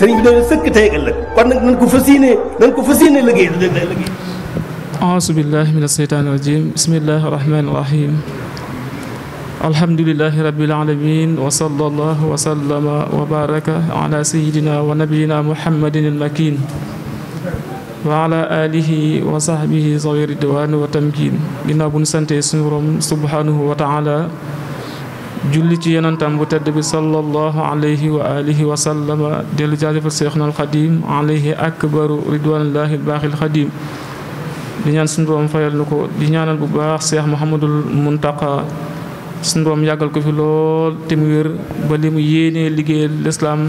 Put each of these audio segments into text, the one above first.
sëriñ bi dana sëkk tey ëllëg kon nag nañ ko fas yéene nañ ko fas yéene liggéey liggéey liggéey أعوذ بالله من الشيطان الرجيم بسم الله الرحمن الرحيم الحمد لله رب العالمين وصلى الله وسلم وبارك على سيدنا ونبينا محمد المكين وعلى آله وصحبه صغير الدوان وتمكين ginnaaw bu ñu sante sunu Boroom subhanahu wa taala julli ci yonentam bu tedd bi sallallahu alayhi wa alihi wa sallama dellu jaajëfal seexna alxadim akbaru ridwanillahi albaaxil xadim di ñaan suñu borom nu ko di ñaanal bu baax seex muhammadul muntaqa suñu borom yàggal ko fi lool te mu wér ba li mu yéenee liggéeyal lislaam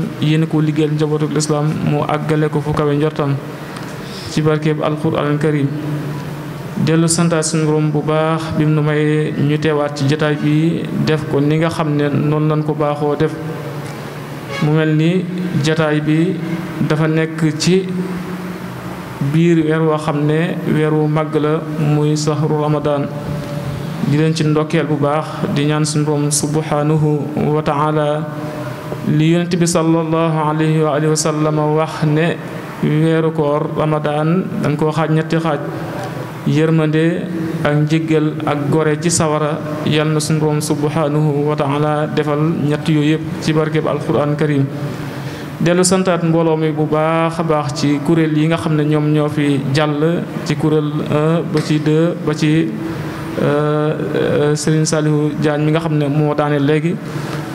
ko liggéeyal njabootuk lislaam moo àggale ko fu kawe njortam ci barkeeb alquraan karim dellu santaat suñu bu baax bi mu nu may ñu teewaat ci jataay bi def ko ni nga xam ne noon lañ ko baaxoo def mu mel ni jataay bi dafa nekk ci biir weer woo xam ne weer wu màgg la muy saxru ramadaan di leen ci ndokkeel bu baax di ñaan suñu borom subhanahu wa taala li yonent bi sallallahu alayhi wa alihi wa sallam wax ne weeru koor ramadaan dañ koo xaaj ñetti xaaj yërmande ak njëggal ak gore ci sawara yal na suñu borom subhanahu wa taala defal ñett yooyu yëpp ci barkeb alquran karim dellu santaat mbooloo mi bu baax a baax ci kuréel yi nga xam ne ñoom ñoo fi jàll ci kuréel 1 ba ci 2 ba ci euh, euh, Serigne Saliou Diagne mi nga xam ne moo daane léegi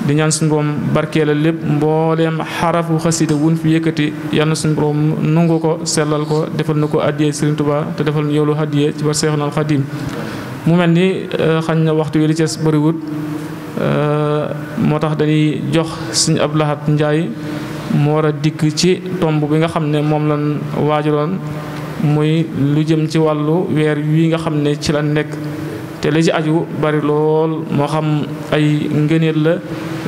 di ñaan suñu borom barkeelal lépp mbooleem xarafu xasida wun fi yëkkati yal na suñu nungu ko sellal ko defal na ko addiyee Serigne Touba te defal ñu yoolu addiyee ci bar Seexul Xadim mu mel ni euh, xañ na waxtu wi li euh, moo tax dañuy jox suñu Abdou Lahad Ndiaye mu war a dikk ci tomb bi nga xam ne moom la waajaloon muy lu jëm ci wàllu weer wi nga xam ne ci la nekk te la ci aju bari lool moo xam ay ngëneel la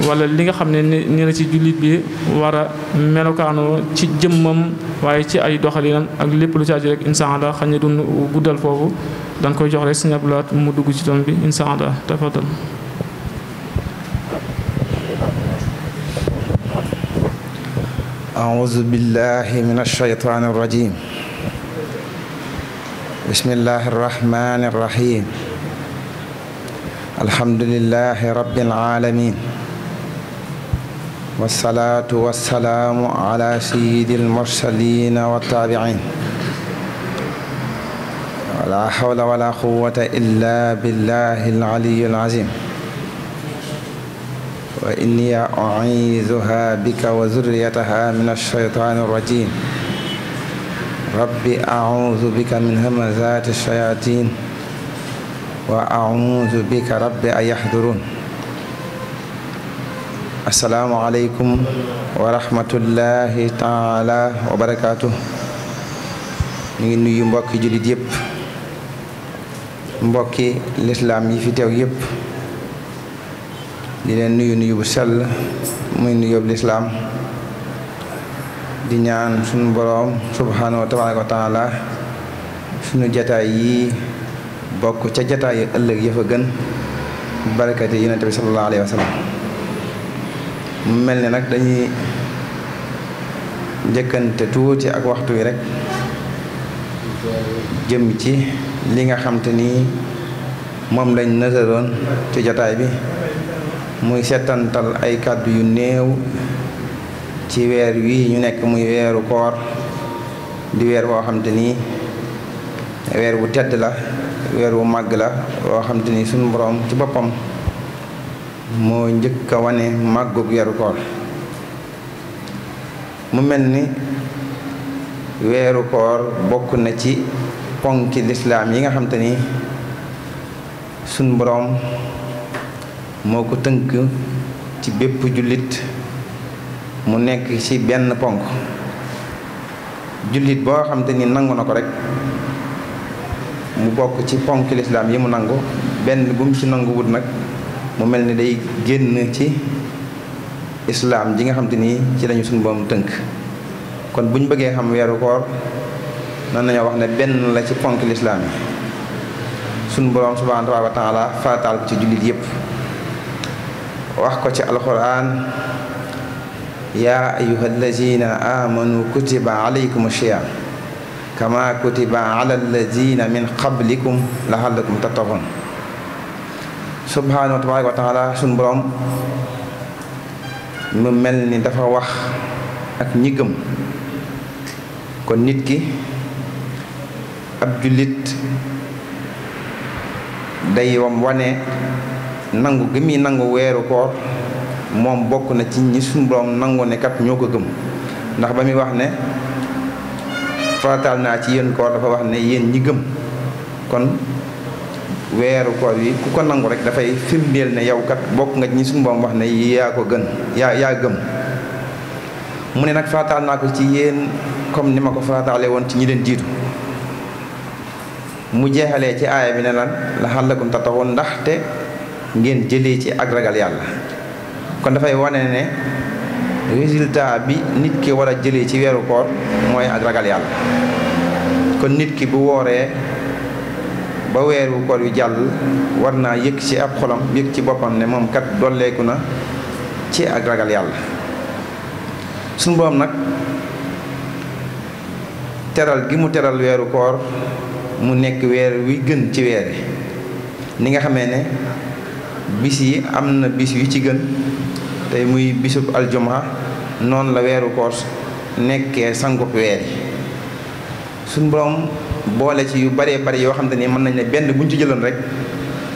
wala li nga xam ne ni la ci jullit bi wara melokaanu ci jëmmam waaye ci ay doxalinam ak lépp lu ci aju rek insha Allah xañ ne dun guddal foofu dañ koy jox rek Sëriñ Abdou Lahad mu dugg ci tom bi insha Allah tafadal أعوذ بالله من الشيطان الرجيم wasalaatu wasalaamu ala sayidil mursalina wa taabiin wala hawla wala quwata illa billahi alaliyu alazim wa inni u'iizuha bika wa zurriyataha min alshaytani arrajim rabbi a'uuzu bika min hamazaati alshayatin wa a'uuzu bika rabbi an yahduruun asalaamualeykum wa rahmatullahi taala wa barakaatu. mu ngi nuyu mbokki jullit yëpp mbokki lislaam yi fi teew yëpp di leen nuyu nuyu bu sell muy nuyu lislaam di ñaan suñu borom subhaanahu wa tabaaraka wa taala suñu jataay yi bokk ca jataay ëllëg ya gën barakati yonente bi sallallahu alayhi wa sallam mu mel ni nag dañuy njëkkante tuuti ak waxtu wi rek jëm ci li nga xam te nii moom lañ nësaroon ci jotaay bi muy setantal ay kàddu yu néew ci weer wii ñu nekk muy weeru koor di weer woo xam te nii weer wu tedd la weer wu màgg la woo xam te nii suñu boroom ci boppam moo njëkk a wane màggu weeru koor mu mel ni weeru koor bokk na ci ponk lislaam yi nga xam ni sunu boroom moo ko tënk ci bépp jullit mu nekk ci benn ponk jullit boo xam ni nangu na ko rekk mu bokk ci ponk lislaam yi mu nangu benn bu mu ci nanguwut nag mu mel ni day génn ci islaam ji nga xam ni ci lañu suñu boom tënk kon buñ bëggee xam weeru koor mën nañoo wax ne benn la ci ponk lislaam yi suñu borom subhanahu wa taala farataal ko ci jullit yépp wax ko ci alquran yaa ayuha allazina amanu kutiba alaykum siyam kama kutiba ala na min qablikum laxallakum tattaqun subhaanahu tabaaraka wa taala suñ borom mu mel ni dafa wax ak ñi gëm kon nit ki ab jullit day wam wane nangu gi muy nangu weeru koor moom bokk na ci ñi suñ borom nangu ne kat ñoo ko gëm ndax ba muy wax ne farataal naa ci yéen koor dafa wax ne yéen ñi gëm kon weeru koor yi ku ko nangu rek dafay firndeel ne yow kat bokk nga ñi suñu boom wax ne yaa ko gën yaa yaa gëm mu ne nag faataal naa ko ci yéen comme ni ma ko faataale woon ci ñi leen jiitu mu jeexalee ci aaya bi ne lan la xàllakum ndax te ngeen jëlee ci ak ragal yàlla kon dafay wane ne résultat bi nit ki war a jëlee ci weeru koor mooy ak ragal yàlla kon nit ki bu wooree ba weeru koor yu jàll war naa yëg ci ab xolam yëg ci boppam ne moom kat dolleeku na ci ak ragal yàlla suñu boom nag teral gi mu teral weeru koor mu nekk weer wi gën ci weer yi ni nga xamee ne bis yi am na bis yu ci gën tey muy bisub aljumaa noon la weeru koor nekkee sangub weer yi suñu boom boole ci yu baree bari yoo xam te ni mën nañ ne benn buñ ci jëloon rek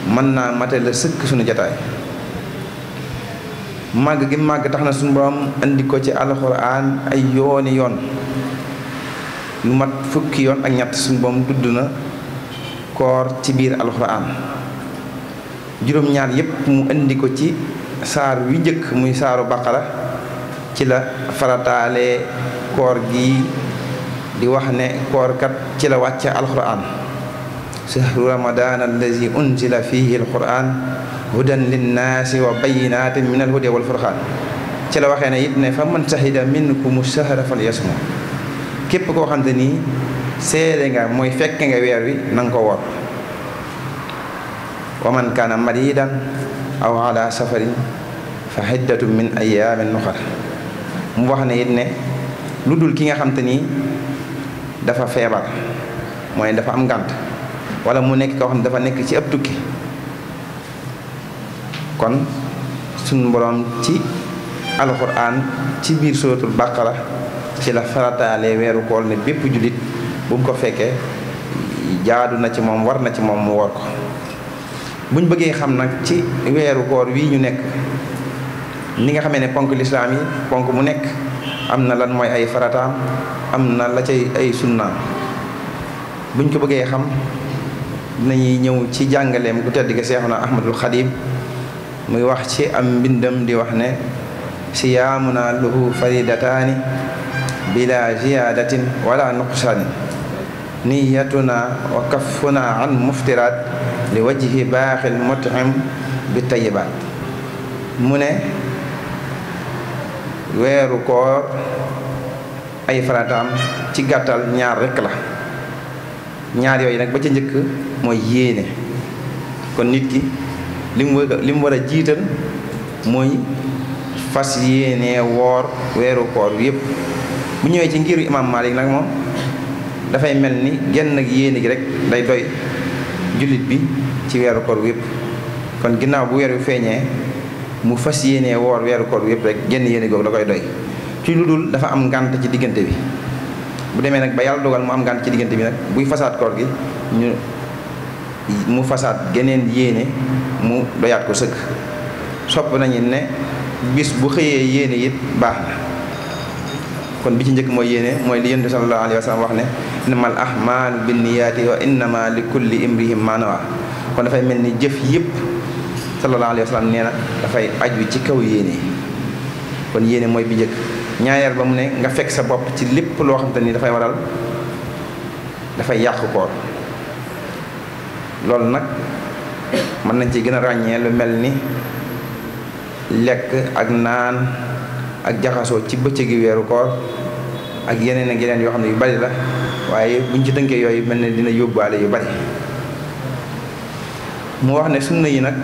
mën naa matale sëkk suñu jataay màgg gi màgg tax na suñu borom andi ko ci alxuraan ay yooni yoon lu mat fukki yoon ak ñett suñu borom dudd na koor ci biir alxuraan juróom-ñaar yépp mu indi ko ci saar wi njëkk muy saaru baqara ci la farataale koor gi di wax ne koor kat ci la wàcce alquran sahru ramadan allazi unzila fihi alquran hudan linnaasi wa bayinatin min alhuda wal furqaan ci la waxee ne it ne fa man sahida minkumu shahra falyasum képp koo xam te nii seede nga mooy fekke nga weer wi na ko wor wa man kaana maridan aw ala safarin fa hiddatu min ayaamin nuxar mu wax ne it ne lu dul ki nga xam te nii dafa feebar mooy dafa am ngànt wala mu nekk koo xam ne dafa nekk ci ab tukki kon suñu boroom ci alxuraan ci biir suratul baqara ci la farataale weeru koor ne bépp jullit bu ko fekkee jaadu na ci moom war na ci moom mu wor ko buñ bëggee xam nag ci weeru koor wii ñu nekk ni nga xame ne ponk lislaam yi ponk mu nekk am na lan mooy ay farataam am na la cay ay sunnaam buñ ko bëggee xam dinañuy ñëw ci jàngaleem gu tedd gi seexuna ahmadul xadim muy wax ci am mbindam di wax ne siyaamuna lahu faridataani bila ziyaadatin wala nuqsaani niyatuna wa kaffuna an muftiraat li wajhi baaxil mutim bi tayibaat mu ne weeru koor ay farataam ci gàttal ñaar rekk la ñaar yooyu nag ba ca njëkk mooy yéene kon nit ki li mu war a jiital mooy fas yéene woor weeru koor yépp bu ñëwee ci ngir imaam Maalik nag moom dafay mel ni genn ak yéene gi rek day doy jullit bi ci weeru koor yépp kon ginnaaw bu weer yu feeñee mu fas yéenee woor weeru koor yëpp rek génn yéene googu da koy doy ci lu dul dafa am ngànt ci diggante bi bu demee nag ba yàlla dogal mu am ngànt ci diggante bi nag buy fasaat koor gi ñu mu fasaat geneen yéene mu doyaat ko sëkk sopp nañu ne bis bu xëyee yéene it baax na kon bi ci njëkk mooy yéene mooy li yonent bi sallallahu wax ne innamal ahmaalu binniyaati wa innama li kulli imrihim ma kon dafay mel ni jëf yépp sallallahu alayhi nee na dafay aju ci kaw yéene kon yéene mooy bi njëkk ñaayaar ba mu ne nga fekk sa bopp ci lépp loo xam te ni dafay waral dafay yàq koor loolu nag mën nañ ci gën a ràññee lu mel ni lekk ak naan ak jaxasoo ci bëccëgi weeru koor ak yeneen ak yeneen yoo xam ne yu bari la waaye buñ ci tënkee yooyu mel na dina yóbbaale yu bari mu wax ne sunna yi nag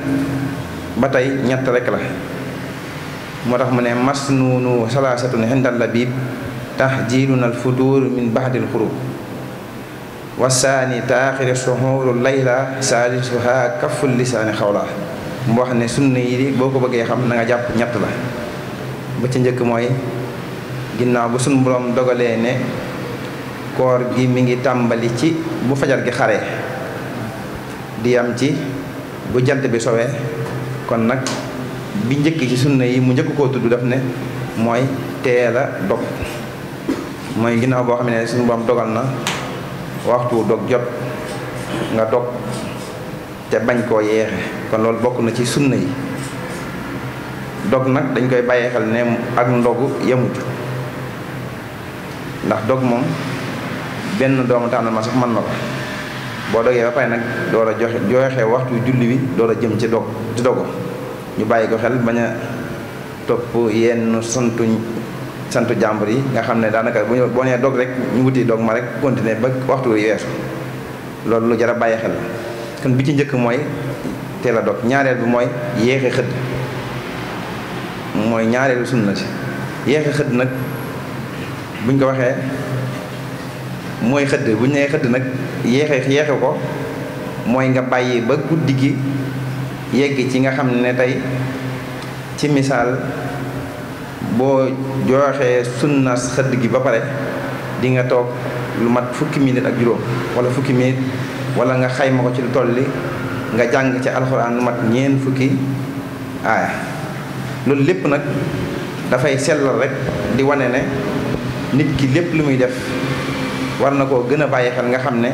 ba tey ñett rekk la moo tax mu ne mas nuunu salaasatun indal labib tahjilun al fudur min bahdil xurub wasaani taaxiri suxuuru layla saalisuha kaful lisaani xawla mu wax ne sunna yi boo ko bëggee xam na jàpp ñett la ba ci njëkk mooy ginnaaw ba sunu boroom dogalee ne koor gi mi ngi tàmbali ci bu fajar gi xare di am ci bu jant bi sowee kon nag bi njëkk ci sunna yi mu njëkk koo tudd daf ne mooy teel a dog mooy ginnaaw boo xam ne suñu borom dogal na waxtu dog jot nga dog te bañ koo yeexe kon loolu bokk na ci sunna yi dog nag dañ koy bàyyee ne ak ndogu yemut ndax dog moom benn doomu tànn ma sax mën na ko boo dogee ba pare nag door a joxe joxe waxtu julli wi door a jëm ci dog ci dogo ñu bàyyi ko xel bañ a topp yenn santu santu jàmbur yi nga xam ne daanaka bu boo nee dog rek ñu wuti dog ma rek continuer ba waxtu wi loolu lu jar a bàyyi xel kon bi ci njëkk mooy teel a dog ñaareel bi mooy yéexe xëdd mooy ñaareelu sunna si yéexe xëdd nag buñ ko waxee mooy xëdd bu ñu nee xëdd nag yéexe yéexe ko mooy nga bàyyi ba guddi gi yegg ci nga xam ne tey ci misaal boo jooxee sunnas xëdd gi ba pare di nga toog lu mat fukki minute ak juróom wala fukki minute wala nga xayma ko ci lu tolli nga jàng ci alxuraan lu mat ñeen fukki aaya loolu lépp nag dafay sellal rek di wane ne nit ki lépp lu muy def war na koo gën a bàyyi xel nga xam ne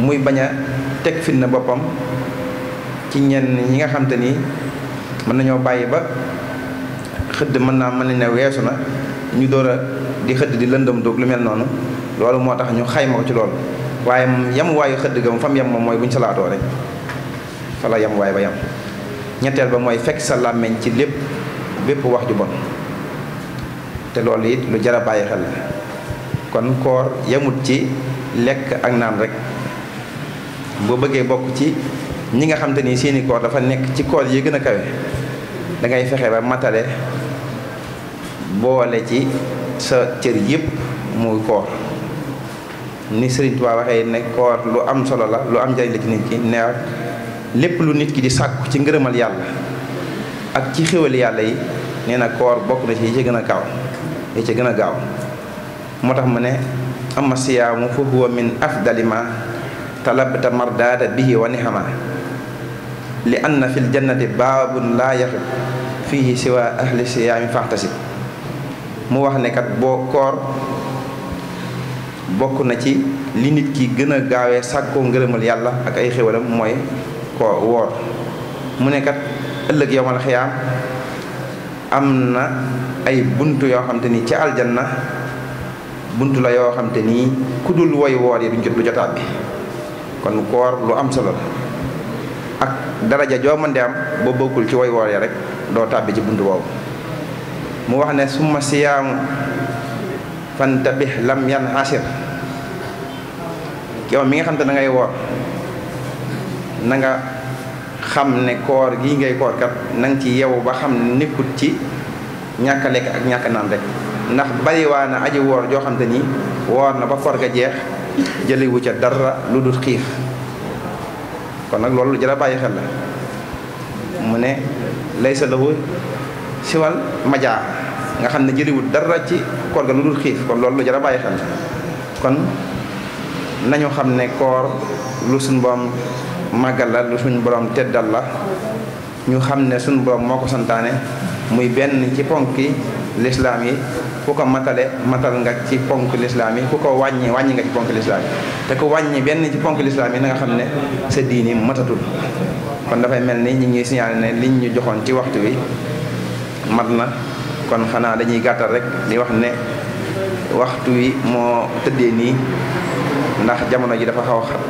muy bañ a teg fitna boppam ci ñenn ñi nga xam te ni mën nañoo bàyyi ba xëdd mën naa mën nañ ne weesu na ñu door a di xëdd di lëndëm doog lu mel noonu loolu moo tax ñu xayma ko ci loolu waaye yam waayu xëdd ga mu fam yam moom mooy bu ñu salaatoo rek fa la yam ba yam ñetteel ba mooy fekk sa làmmiñ ci lépp bépp wax ju bon te loolu it lu jar a bàyyi xel kon koor yemut ci lekk ak naan rek boo bëggee bokk ci ñi nga xam ni seeni koor dafa nekk ci koor yi gën a kawe dangay ngay fexe ba matale boole ci sa cër yépp mu koor ni Sëriñ Tuubaa waxee ne koor lu am solo la lu am njariñ la ci nit ki ne lépp lu nit ki di sàkku ci ngërëmal yàlla ak ci xéwali yàlla yi nee na koor bokk na ci yi ci gën a gaaw yi ci gën a gaaw moo tax mu ne amma siyaamu fa huwa min afdali ma talabta mardaada bihi wa nihama li anna fi ljannati baabun laa yaxib fihi siwa ahli siyaami faxtasib mu wax ne kat boo koor bokk na ci li nit ki gën a gaawee sàkkoo ngërëmal yàlla ak ay xéwalam mooy koo woor mu ne ëllëg yowmal xiyaam am na ay bunt yoo xam te ni ci aljanna bunt la yoo xam te nii ku dul woy woor yi duñ jot du jotaat bi kon koor lu am solo la ak daraja joo mën di am boo bokkul ci woy woor yi rek doo bi ci bunt boobu mu wax ne summa siyaamu fantabih lam yan asir yow mi nga xam te da woor na nga xam ne koor gi ngay koor kat na nga ci yeewu ba xam ne nekkut ci ñàkk a lekk ak ñàkk naan rek ndax bariwaa na aji woor joo xam te ni woor na ba koor ga jeex jëliwu ca dara lu dul xiif kon nag loolu lu jar a bàyyi xel la mu ne laysa lahu siwal majaa nga xam ne jëliwul dara ci koor lu xiif kon loolu lu jar a bàyyi xel kon nañu xam ne koor lu suñ mbom màggal la lu suñ borom teddal la ñu xam ne sunu borom moo ko santaane muy benn ci ponk yi lislaam yi ku ko matale matal nga ci ponk lislaam yi ku ko wàññi wàññi nga ci ponk lislaam yi te ku wàññi benn ci ponk lislaam yi nanga xam ne sa diini matatul kon dafay mel ni ñu ngi signalé ne liñ ñu joxoon ci waxtu wi mat na kon xanaa dañuy gàttal rek di wax ne waxtu wi moo tëddee nii ndax jamono ji dafa xaw xat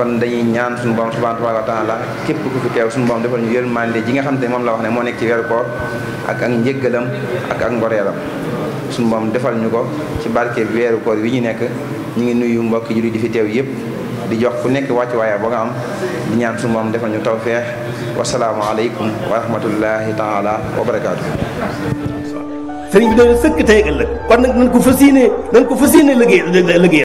kon dañuy ñaan suñu borom subhanahu wa taala képp ku fi teew suñu borom defal ñu yërmande ji nga xam moom la wax ne moo nekk ci weeru koor ak ak njëggalam ak ak ngoreelam suñu defal ñu ko ci barke weeru koor yi ñu nekk ñu ngi nuyu mbokki julli di fi teew yëpp di jox ku nekk wàcc waaya ba nga am di ñaan suñu defal ñu tawfeex wasalaamu aleykum wa rahmatullahi taala wa barakaatu sëriñ bi dana sëkk tey ëllëg kon nag nañ ko fas yéene nañ ko